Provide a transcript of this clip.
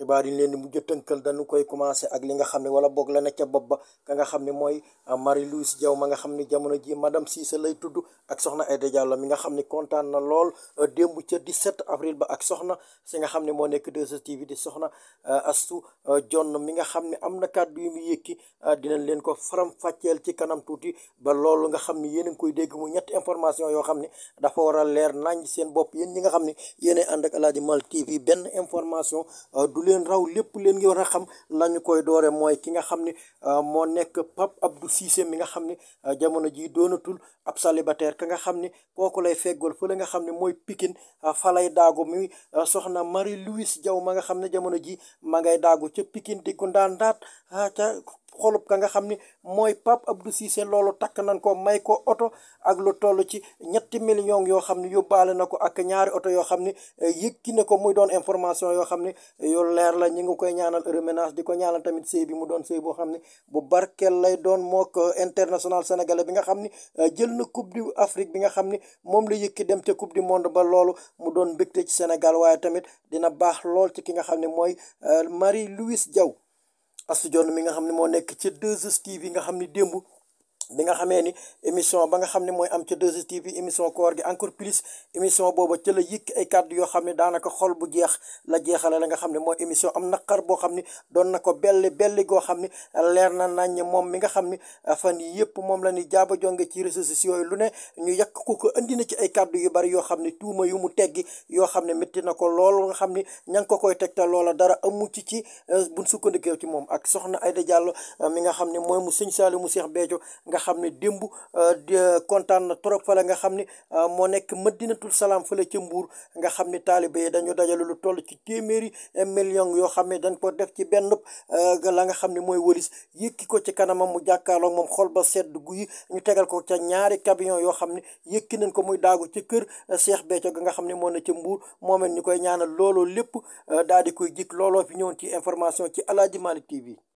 xibaar leen di mujj koy commencé ak li nga xam ne wala boog la ne bopp ba ka nga xam ne mooy ah, Marie-Louise Diaw ma nga xam ne jamono ji madame Cissé lay tudd ak soxna Aïda Diallo mi nga xam ne kontaan na lool euh, démb ca 17 avril ba ak soxna si nga xam ne moo nekk 2STV di soxna euh, Astou Dione euh, mi nga xam ne am na kàddu yu mu yëkki dinañ leen ko faram fàcceel ci kanam tuuti ba loolu nga xam ne yéen a ngi koy dégg mu ñetti information yoo xam ne dafa war a leer nañ seen bopp yéen ñi nga xam ne yéen ànd ak Aladji Malick TV benn information du leen raw lépp leen ngi war a xam la ñu koy doore mooy ki nga xam ne euh, moo nekk Pape Abdou Cissé mi nga xam ne euh, jamono jii doonatul ab célibataire ka nga xam ni ko kooku lay feggool fële nga xam ne mooy Pikine euh, falay daagu mi soxna Marie Louise Diaw ma nga xam ne jamono jii ma ngay daagu ca Pikine di ko ndaan ndaat ah, ca xolub ka nga xam ni mooy pap Abdou Cissé loolu takk nañ ko may ko oto ak lu toll ci ñetti millions yoo xam ne yóbbaale na ko ak ñaari oto yoo xam ne eh, yëkki ne ko muy doon information yoo xam ne yu leer la ñu ngi koy ñaanal reménage di ko ñaanal tamit sëy bi mu doon sëy boo xam ne bu barkeel lay doon mook international sénégalais bi nga xam ni eh, jël na coupe du Afrique bi nga xam ni moom la yëkki dem te coupe du monde ba loolu mu doon mbégte ci Sénégal waaye tamit dina baax lool ci ki nga xam ne mooy eh, Marie Louise Diaw Astou Dione mi nga xam ne moo nekk ci 2STV bi nga xam ne démb bi nga xamee ni émission ba nga xam ne mooy am ca 2STV émission koor gi encore plus émission booba ca la yëkk ay kàddu yoo xam ne daanaka xol bu jeex la jeexale la nga xam ne mooy émission am naqar boo xam ne doon na ko belli belli goo xam ne leer na nañ moom mi nga xam ne fan yi yëpp moom la ni jaaba jonge ci réseaux sociaux lu ne ñu yàq ko ko indi na ci ay kàddu yu bari yoo xam ne tuuma yu mu teggi yoo xam ne métti na ko lool nga xam ne ña ngi ko koy tegtal loola dara amu ci ci buñ sukkandikoo ci moom ak soxna Aïda Diallo mi nga xam ne mooy mu sëñ Saliou mu Cheikh beejo nga xam ne démb euh, euh, kontaan na trop fële nga xam ne euh, moo nekk madinatul salaam fële ca mbuur nga xam ne taalibe yi dañu dajale lu toll ci téeméeri million yoo xam ne dañ ko def ci benn la nga xam ne mooy wëlis yëkki ko ci kanamam mu jàkkaarloog moom xol ba sedd guyi ñu tegal ko ca ñaari camion yoo xam ne yëkki nañ ko muy daagu ci kër Cheikh Béthio ga nga xam ne moom na ca mbuur moomeen ñu koy ñaanal looloo lépp daal di koy jik looloo fi ñëwoon ci information ci Aladji Malick TV